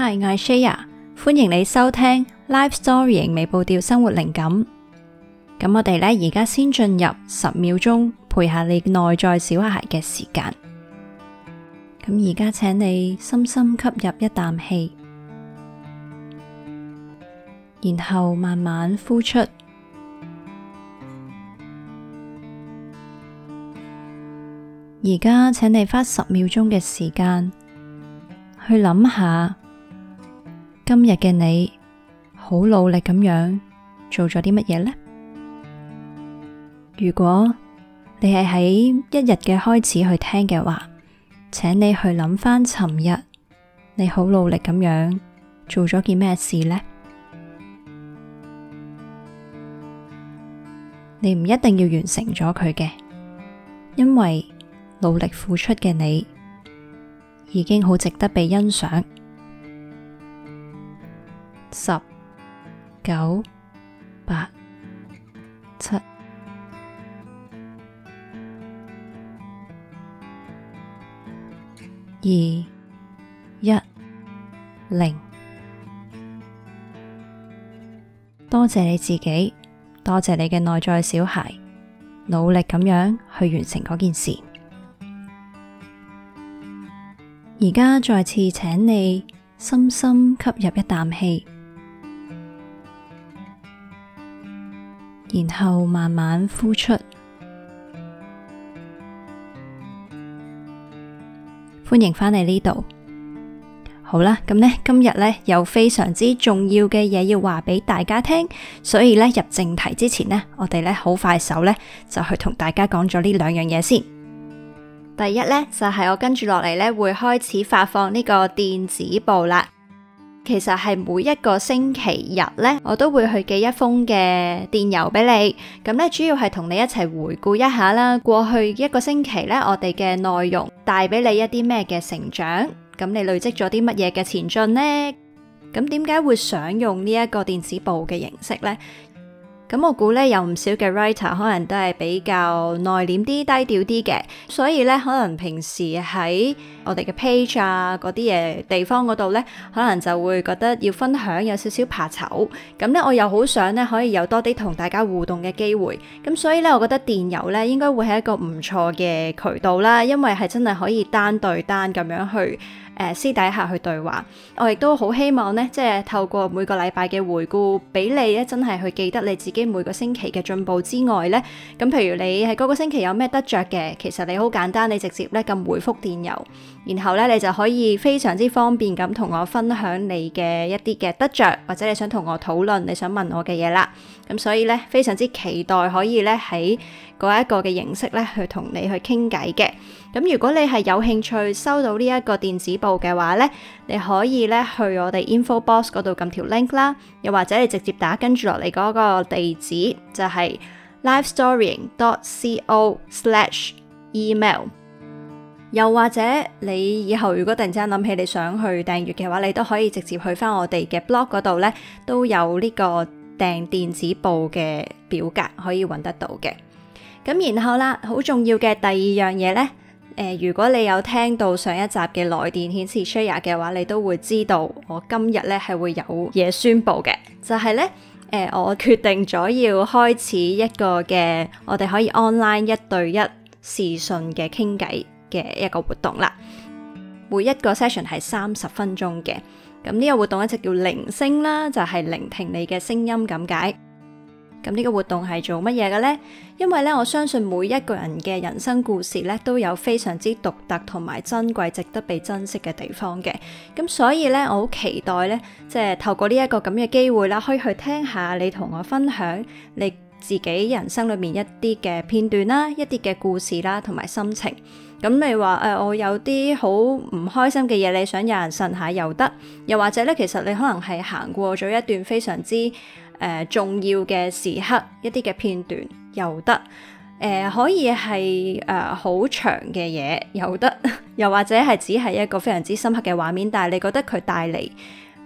Hi，我係 Shaya，歡迎你收聽《Life Storying》微步調生活靈感。咁我哋呢，而家先進入十秒鐘陪下你內在小孩嘅時間。咁而家請你深深吸入一啖氣，然後慢慢呼出。而家請你花十秒鐘嘅時間去諗下。今日嘅你，好努力咁樣做咗啲乜嘢呢？如果你係喺一日嘅開始去聽嘅話，請你去諗翻尋日你好努力咁樣做咗件咩事呢？你唔一定要完成咗佢嘅，因為努力付出嘅你，已經好值得被欣賞。十九八七二一零，多謝你自己，多謝你嘅內在小孩，努力咁樣去完成嗰件事。而家再次請你深深吸入一啖氣。然後慢慢呼出，歡迎返嚟呢度。好啦，咁呢，今日呢，有非常之重要嘅嘢要話俾大家聽，所以呢，入正題之前呢，我哋呢，好快手呢，就去同大家講咗呢兩樣嘢先。第一呢，就係我跟住落嚟呢，會開始發放呢個電子報啦。其實係每一個星期日呢，我都會去寄一封嘅電郵俾你。咁呢，主要係同你一齊回顧一下啦，過去一個星期呢，我哋嘅內容帶俾你一啲咩嘅成長。咁你累積咗啲乜嘢嘅前進呢？咁點解會想用呢一個電子報嘅形式呢？咁我估呢，有唔少嘅 writer 可能都係比較內斂啲、低調啲嘅，所以呢，可能平時喺。我哋嘅 page 啊，嗰啲嘢地方嗰度咧，可能就會覺得要分享有少少怕醜。咁咧，我又好想咧可以有多啲同大家互動嘅機會。咁，所以咧我覺得電郵咧應該會係一個唔錯嘅渠道啦，因為係真係可以單對單咁樣去誒、呃、私底下去對話。我亦都好希望咧，即係透過每個禮拜嘅回顧俾你咧真係去記得你自己每個星期嘅進步之外咧，咁譬如你係個、嗰個星期有咩得着嘅，其實你好簡單，你直接咧咁回覆電郵。然後咧，你就可以非常之方便咁同我分享你嘅一啲嘅得着，或者你想同我討論你想問我嘅嘢啦。咁所以咧，非常之期待可以咧喺嗰一個嘅形式咧去同你去傾偈嘅。咁如果你係有興趣收到呢一個電子報嘅話咧，你可以咧去我哋 info box 嗰度撳條 link 啦，又或者你直接打跟住落嚟嗰個地址就係、是、lifestorying dot co slash email。Em 又或者你以後如果突然之間諗起你想去訂閱嘅話，你都可以直接去翻我哋嘅 blog 度呢，都有呢個訂電子報嘅表格可以揾得到嘅。咁然後啦，好重要嘅第二樣嘢呢，誒、呃，如果你有聽到上一集嘅來電顯示 share 嘅話，你都會知道我今日呢係會有嘢宣佈嘅，就係、是、呢，誒、呃，我決定咗要開始一個嘅我哋可以 online 一對一視訊嘅傾偈。嘅一個活動啦，每一個 session 係三十分鐘嘅。咁呢個活動一直叫聆聲啦，就係聆聽你嘅聲音咁解。咁呢個活動係做乜嘢嘅呢？因為咧，我相信每一個人嘅人生故事咧都有非常之獨特同埋珍貴，值得被珍惜嘅地方嘅。咁所以咧，我好期待咧，即係透過呢一個咁嘅機會啦，可以去聽下你同我分享你自己人生裏面一啲嘅片段啦，一啲嘅故事啦，同埋心情。咁你話誒、哎，我有啲好唔開心嘅嘢，你想有人呻下又得；又或者咧，其實你可能係行過咗一段非常之誒、呃、重要嘅時刻，一啲嘅片段又得誒、呃，可以係誒好長嘅嘢又得；又或者係只係一個非常之深刻嘅畫面，但係你覺得佢帶嚟誒、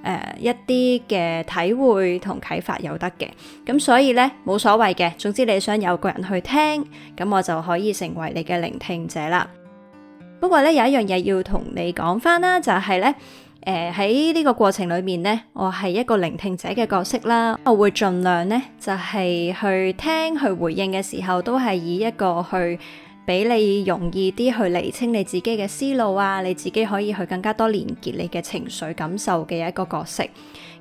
呃、一啲嘅體會同啟發又得嘅。咁所以咧，冇所謂嘅，總之你想有個人去聽，咁我就可以成為你嘅聆聽者啦。不過咧，有一樣嘢要同你講翻啦，就係咧，誒喺呢個過程裏面咧，我係一個聆聽者嘅角色啦，我會盡量咧就係去聽去回應嘅時候，都係以一個去俾你容易啲去釐清你自己嘅思路啊，你自己可以去更加多連結你嘅情緒感受嘅一個角色。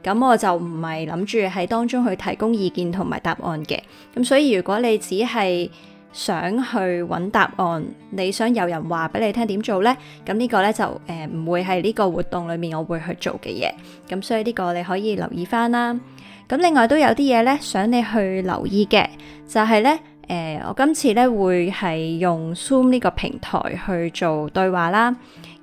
咁我就唔係諗住喺當中去提供意見同埋答案嘅。咁所以如果你只係想去揾答案，你想有人話俾你聽點做呢？咁呢個呢，就誒唔會係呢個活動裏面我會去做嘅嘢，咁所以呢個你可以留意翻啦。咁另外都有啲嘢呢，想你去留意嘅，就係、是、呢。誒、呃，我今次呢，會係用 Zoom 呢個平台去做對話啦。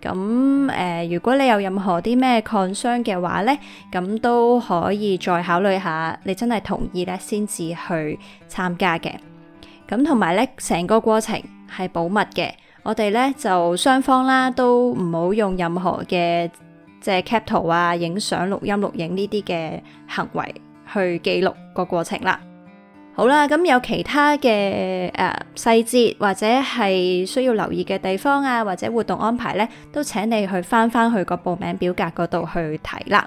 咁誒、呃，如果你有任何啲咩抗傷嘅話呢，咁都可以再考慮下，你真係同意呢，先至去參加嘅。咁同埋咧，成個過程係保密嘅。我哋咧就雙方啦，都唔好用任何嘅即係 c a p 圖 u 啊、影相、錄音、錄影呢啲嘅行為去記錄個過程啦。好啦，咁有其他嘅誒、呃、細節或者係需要留意嘅地方啊，或者活動安排咧，都請你去翻翻去個報名表格嗰度去睇啦。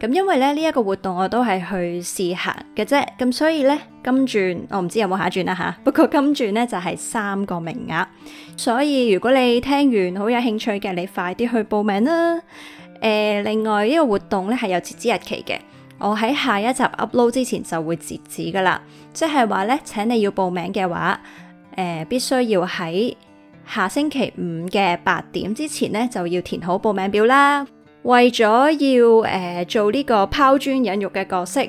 咁因為咧呢一個活動我都係去試行嘅啫，咁所以呢，今轉我唔知有冇下一轉啦、啊、吓，不過今轉呢，就係三個名額，所以如果你聽完好有興趣嘅，你快啲去報名啦。誒、呃，另外呢、呢個活動呢係有截止日期嘅，我喺下一集 upload 之前就會截止噶啦，即係話呢，請你要報名嘅話，誒、呃，必須要喺下星期五嘅八點之前呢，就要填好報名表啦。為咗要誒做呢個拋磚引玉嘅角色，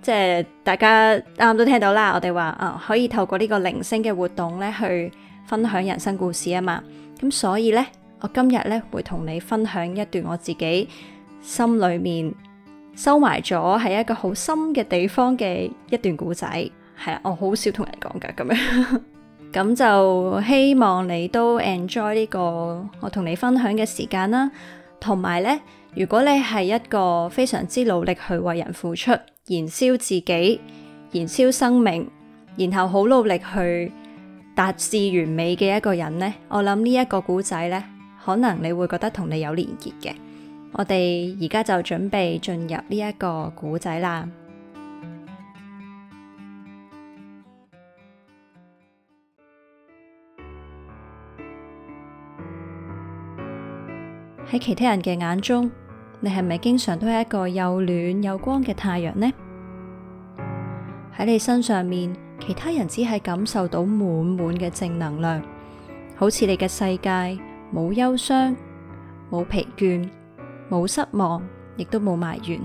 即係大家啱啱都聽到啦。我哋話啊，可以透過呢個聆聲嘅活動咧，去分享人生故事啊嘛。咁所以咧，我今日咧會同你分享一段我自己心裏面收埋咗，係一個好深嘅地方嘅一段故仔。係啊，我好少同人講噶咁樣，咁就希望你都 enjoy 呢個我同你分享嘅時間啦。同埋咧，如果你係一個非常之努力去為人付出、燃燒自己、燃燒生命，然後好努力去達至完美嘅一個人咧，我諗呢一個古仔咧，可能你會覺得同你有連結嘅。我哋而家就準備進入呢一個古仔啦。喺其他人嘅眼中，你係咪經常都係一個又暖又光嘅太陽呢？喺你身上面，其他人只係感受到滿滿嘅正能量，好似你嘅世界冇憂傷、冇疲倦、冇失望，亦都冇埋怨。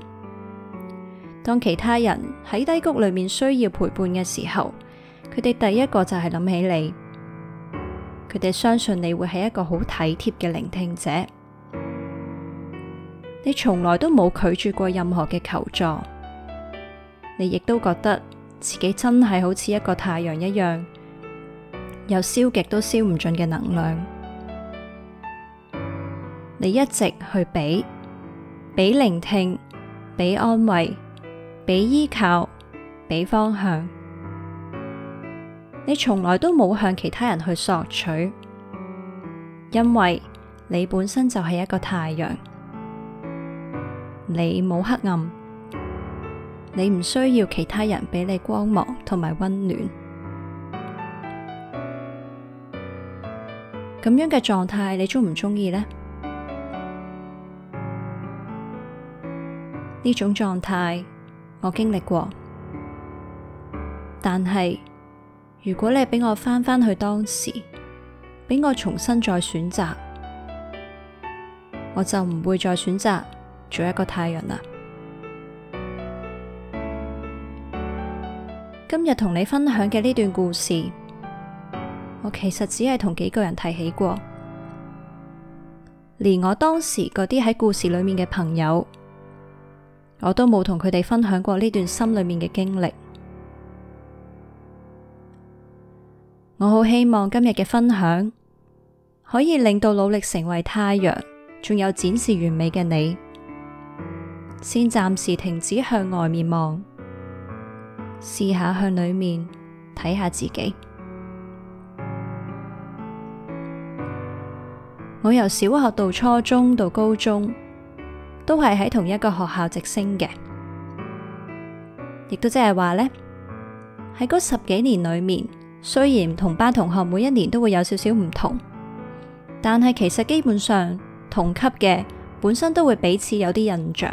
當其他人喺低谷裏面需要陪伴嘅時候，佢哋第一個就係諗起你，佢哋相信你會係一個好體貼嘅聆聽者。你從來都冇拒絕過任何嘅求助，你亦都覺得自己真係好似一個太陽一樣，有燒極都燒唔盡嘅能量。你一直去俾，俾聆聽，俾安慰，俾依靠，俾方向。你從來都冇向其他人去索取，因為你本身就係一個太陽。你冇黑暗，你唔需要其他人俾你光芒同埋溫暖。咁樣嘅狀態，你鍾唔鍾意呢？呢種狀態我經歷過，但係如果你俾我翻返去當時，俾我重新再選擇，我就唔會再選擇。做一個太陽啦、啊。今日同你分享嘅呢段故事，我其實只係同幾個人提起過，連我當時嗰啲喺故事裏面嘅朋友，我都冇同佢哋分享過呢段心裏面嘅經歷。我好希望今日嘅分享可以令到努力成為太陽，仲有展示完美嘅你先暫時停止向外面望，試下向裏面睇下自己。我由小學到初中到高中，都係喺同一個學校直升嘅，亦都即係話呢。喺嗰十幾年裏面，雖然同班同學每一年都會有少少唔同，但係其實基本上同級嘅本身都會彼此有啲印象。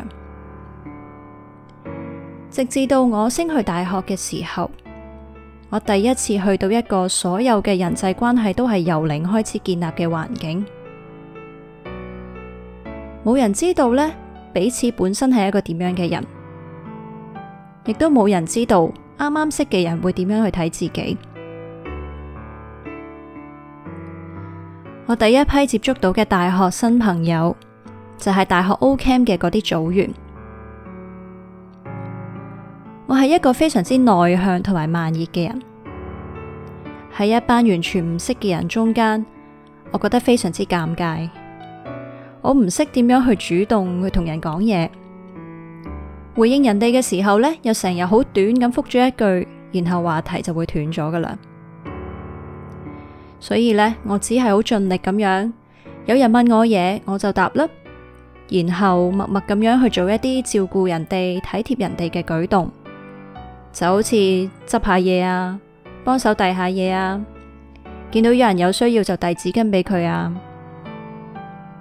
直至到我升去大學嘅時候，我第一次去到一個所有嘅人際關係都係由零開始建立嘅環境，冇人知道呢，彼此本身係一個點樣嘅人，亦都冇人知道啱啱識嘅人會點樣去睇自己。我第一批接觸到嘅大學新朋友，就係大學 Ocamp 嘅嗰啲組員。我係一個非常之內向同埋慢熱嘅人，喺一班完全唔識嘅人中間，我覺得非常之尷尬。我唔識點樣去主動去同人講嘢，回應人哋嘅時候呢，又成日好短咁複咗一句，然後話題就會斷咗噶啦。所以呢，我只係好盡力咁樣，有人問我嘢，我就答啦，然後默默咁樣去做一啲照顧人哋、體貼人哋嘅舉動。就好似執下嘢啊，幫手遞下嘢啊，見到有人有需要就遞紙巾俾佢啊。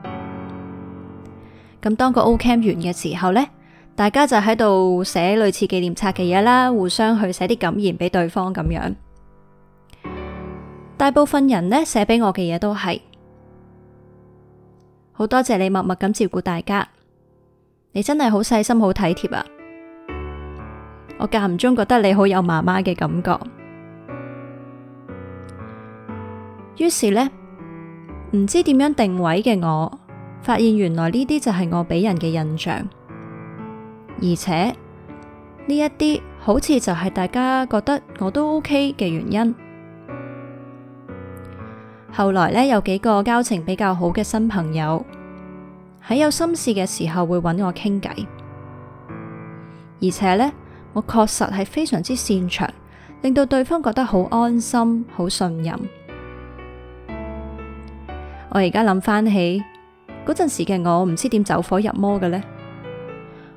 咁、嗯嗯、當個 O Camp 完嘅時候呢，大家就喺度寫類似紀念冊嘅嘢啦，互相去寫啲感言俾對方咁樣。大部分人呢，寫俾我嘅嘢都係好多謝你默默咁照顧大家，你真係好細心好體貼啊！我間唔中覺得你好有媽媽嘅感覺，於是呢，唔知點樣定位嘅我，發現原來呢啲就係我俾人嘅印象，而且呢一啲好似就係大家覺得我都 OK 嘅原因。後來呢，有幾個交情比較好嘅新朋友，喺有心事嘅時候會揾我傾偈。而且呢。我確實係非常之擅長，令到對方覺得好安心、好信任。我而家諗翻起嗰陣時嘅我，唔知點走火入魔嘅呢。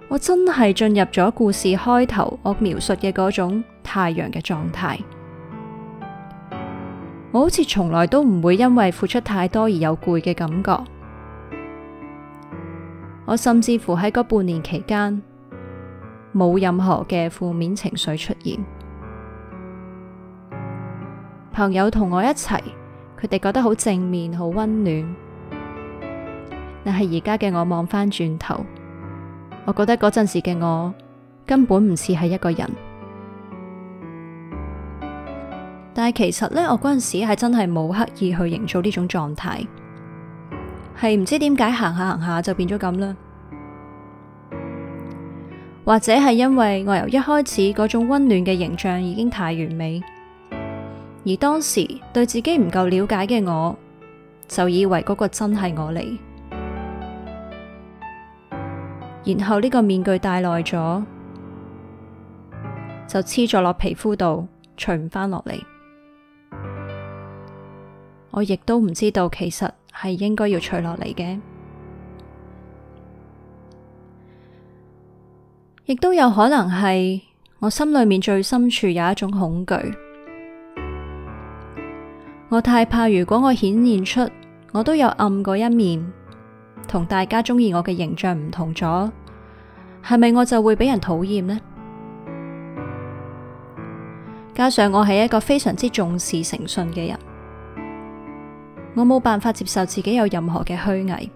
我真係進入咗故事開頭我描述嘅嗰種太陽嘅狀態。我好似從來都唔會因為付出太多而有攰嘅感覺。我甚至乎喺嗰半年期間。冇任何嘅負面情緒出現，朋友同我一齊，佢哋覺得好正面、好溫暖。但係而家嘅我望返轉頭，我覺得嗰陣時嘅我根本唔似係一個人。但係其實呢，我嗰陣時係真係冇刻意去營造呢種狀態，係唔知點解行下行下就變咗咁啦。或者係因為我由一開始嗰種溫暖嘅形象已經太完美，而當時對自己唔夠了解嘅我，就以為嗰個真係我嚟，然後呢個面具戴耐咗，就黐咗落皮膚度，除唔翻落嚟，我亦都唔知道其實係應該要除落嚟嘅。亦都有可能係我心裏面最深處有一種恐懼，我太怕如果我顯現出我都有暗嗰一面，同大家中意我嘅形象唔同咗，係咪我就會俾人討厭呢？加上我係一個非常之重視誠信嘅人，我冇辦法接受自己有任何嘅虛偽。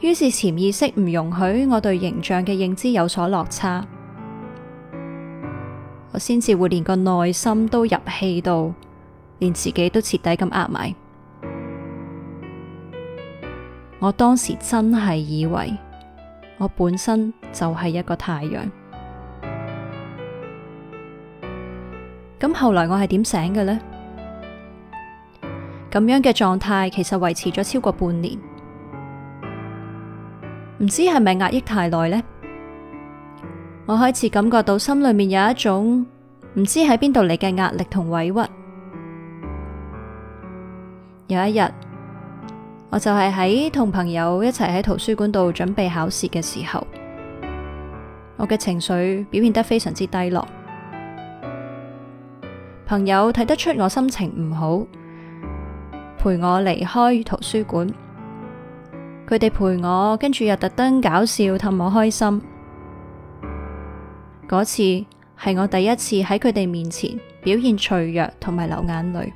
於是潛意識唔容許我對形象嘅認知有所落差，我先至會連個內心都入氣到，連自己都徹底咁壓埋。我當時真係以為我本身就係一個太陽。咁後來我係點醒嘅呢？咁樣嘅狀態其實維持咗超過半年。唔知係咪壓抑太耐呢？我開始感覺到心裏面有一種唔知喺邊度嚟嘅壓力同委屈。有一日，我就係喺同朋友一齊喺圖書館度準備考試嘅時候，我嘅情緒表現得非常之低落。朋友睇得出我心情唔好，陪我離開圖書館。佢哋陪我，跟住又特登搞笑氹我開心。嗰次係我第一次喺佢哋面前表現脆弱同埋流眼淚。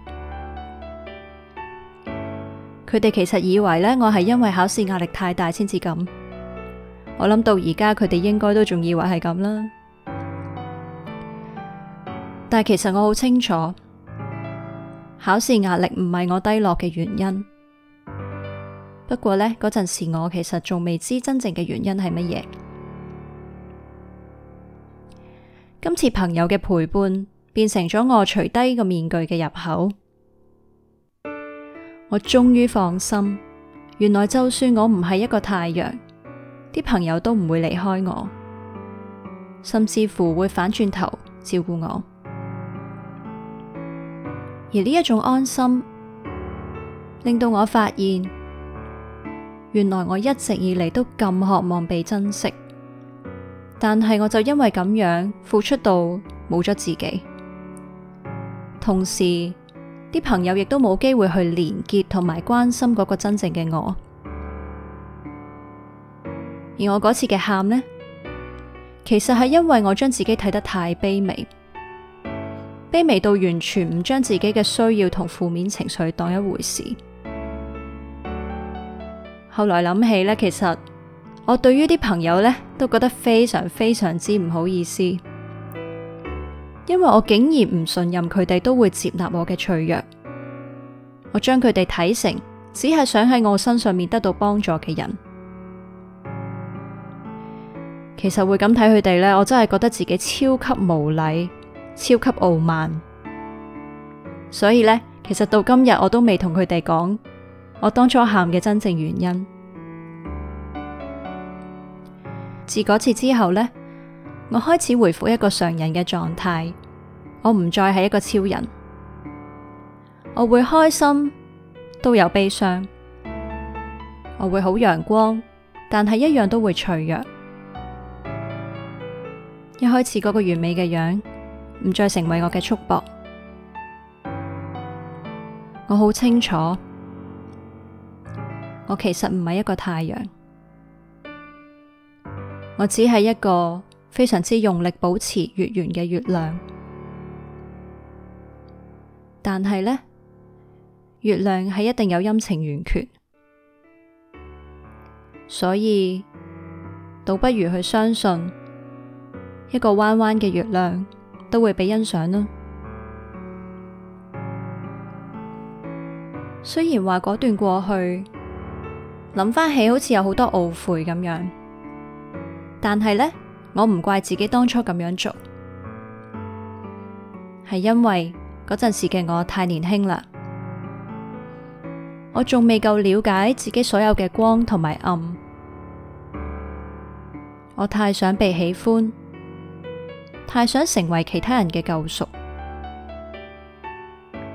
佢哋其實以為呢，我係因為考試壓力太大先至咁。我諗到而家佢哋應該都仲以為係咁啦。但係其實我好清楚，考試壓力唔係我低落嘅原因。不過呢，嗰陣時我其實仲未知真正嘅原因係乜嘢。今次朋友嘅陪伴變成咗我除低個面具嘅入口，我終於放心。原來就算我唔係一個太陽，啲朋友都唔會離開我，甚至乎會反轉頭照顧我。而呢一種安心，令到我發現。原來我一直以嚟都咁渴望被珍惜，但係我就因為咁樣付出到冇咗自己，同時啲朋友亦都冇機會去連結同埋關心嗰個真正嘅我。而我嗰次嘅喊呢，其實係因為我將自己睇得太卑微，卑微到完全唔將自己嘅需要同負面情緒當一回事。後來諗起咧，其實我對於啲朋友咧都覺得非常非常之唔好意思，因為我竟然唔信任佢哋都會接納我嘅脆弱，我將佢哋睇成只係想喺我身上面得到幫助嘅人，其實會咁睇佢哋咧，我真係覺得自己超級無禮、超級傲慢，所以咧，其實到今日我都未同佢哋講。我當初喊嘅真正原因，自嗰次之後呢，我開始回復一個常人嘅狀態，我唔再係一個超人，我會開心都有悲傷，我會好陽光，但係一樣都會脆弱，一開始嗰個完美嘅樣唔再成為我嘅束縛，我好清楚。我其實唔係一個太陽，我只係一個非常之用力保持月圓嘅月亮。但係呢，月亮係一定有陰晴圓缺，所以倒不如去相信一個彎彎嘅月亮都會被欣賞啦。雖然話嗰段過去。諗翻起，好似有好多懊悔咁樣，但係呢，我唔怪自己當初咁樣做，係因為嗰陣時嘅我太年輕啦，我仲未夠了解自己所有嘅光同埋暗，我太想被喜歡，太想成為其他人嘅救贖，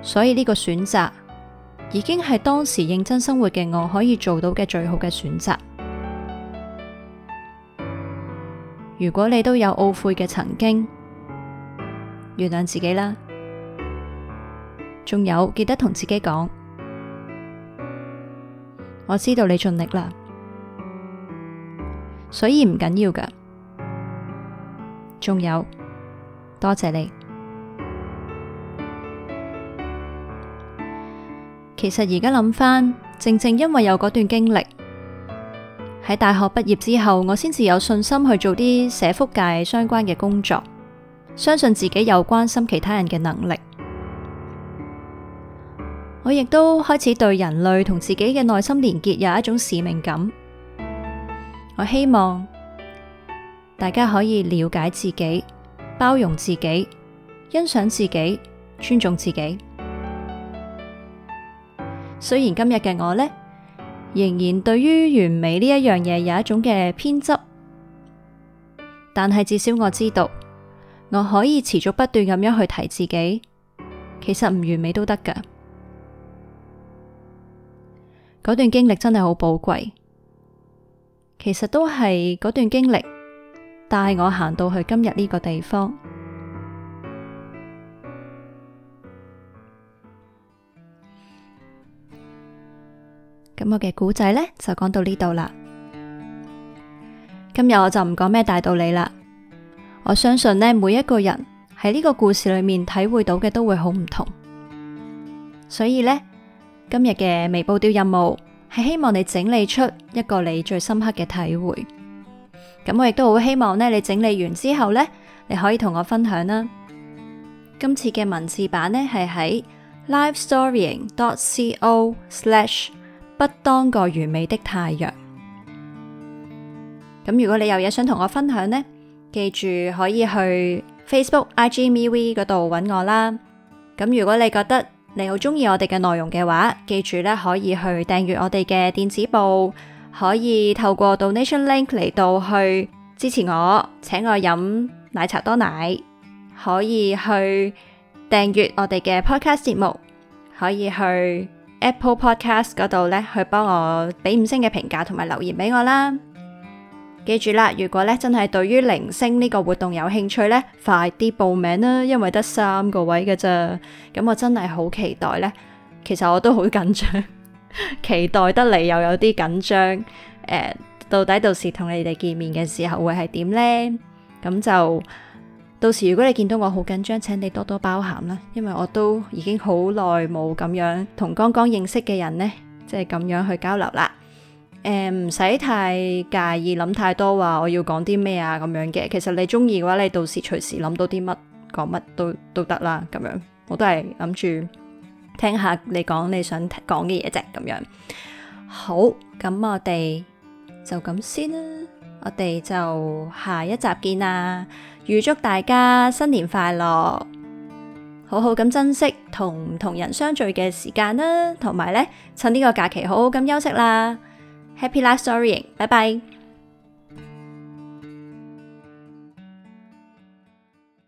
所以呢個選擇。已經係當時認真生活嘅我可以做到嘅最好嘅選擇。如果你都有懊悔嘅曾經，原諒自己啦。仲有，記得同自己講，我知道你盡力啦，所以唔緊要噶。仲有，多謝你。其實而家諗翻，正正因為有嗰段經歷，喺大學畢業之後，我先至有信心去做啲社福界相關嘅工作，相信自己有關心其他人嘅能力。我亦都開始對人類同自己嘅內心連結有一種使命感。我希望大家可以了解自己，包容自己，欣賞自己，尊重自己。雖然今日嘅我呢，仍然對於完美呢一樣嘢有一種嘅偏執，但係至少我知道，我可以持續不斷咁樣去提自己，其實唔完美都得噶。嗰段經歷真係好寶貴，其實都係嗰段經歷帶我行到去今日呢個地方。咁我嘅故仔呢，就講到呢度啦。今日我就唔講咩大道理啦。我相信呢，每一個人喺呢個故事裏面體會到嘅都會好唔同，所以呢，今日嘅微步調任務係希望你整理出一個你最深刻嘅體會。咁我亦都好希望呢，你整理完之後呢，你可以同我分享啦。今次嘅文字版呢，係喺 lifestorying.co/slash。不當個完美的太陽。咁如果你有嘢想同我分享呢，記住可以去 Facebook、IG、MeWe 嗰度揾我啦。咁如果你覺得你好中意我哋嘅內容嘅話，記住咧可以去訂閱我哋嘅電子報，可以透過 Donation Link 嚟到去支持我，請我飲奶茶多奶，可以去訂閱我哋嘅 Podcast 節目，可以去。Apple Podcast 嗰度咧，去幫我俾五星嘅評價同埋留言俾我啦。記住啦，如果咧真係對於聆聲呢個活動有興趣咧，快啲報名啦，因為得三個位㗎咋。咁我真係好期待咧，其實我都好緊張，期待得嚟又有啲緊張。誒，到底到時同你哋見面嘅時候會係點咧？咁就。到時如果你見到我好緊張，請你多多包涵啦，因為我都已經好耐冇咁樣同剛剛認識嘅人呢，即係咁樣去交流啦。誒，唔使太介意，諗太多話我要講啲咩啊，咁樣嘅。其實你中意嘅話，你到時隨時諗到啲乜講乜都都得啦。咁樣我都係諗住聽下你講你想講嘅嘢啫。咁樣好咁，我哋就咁先啦。我哋就下一集見啦！預祝大家新年快樂，好好咁珍惜同唔同人相聚嘅時間啦，同埋咧趁呢個假期好好咁休息啦，Happy Life Storying, 拜拜。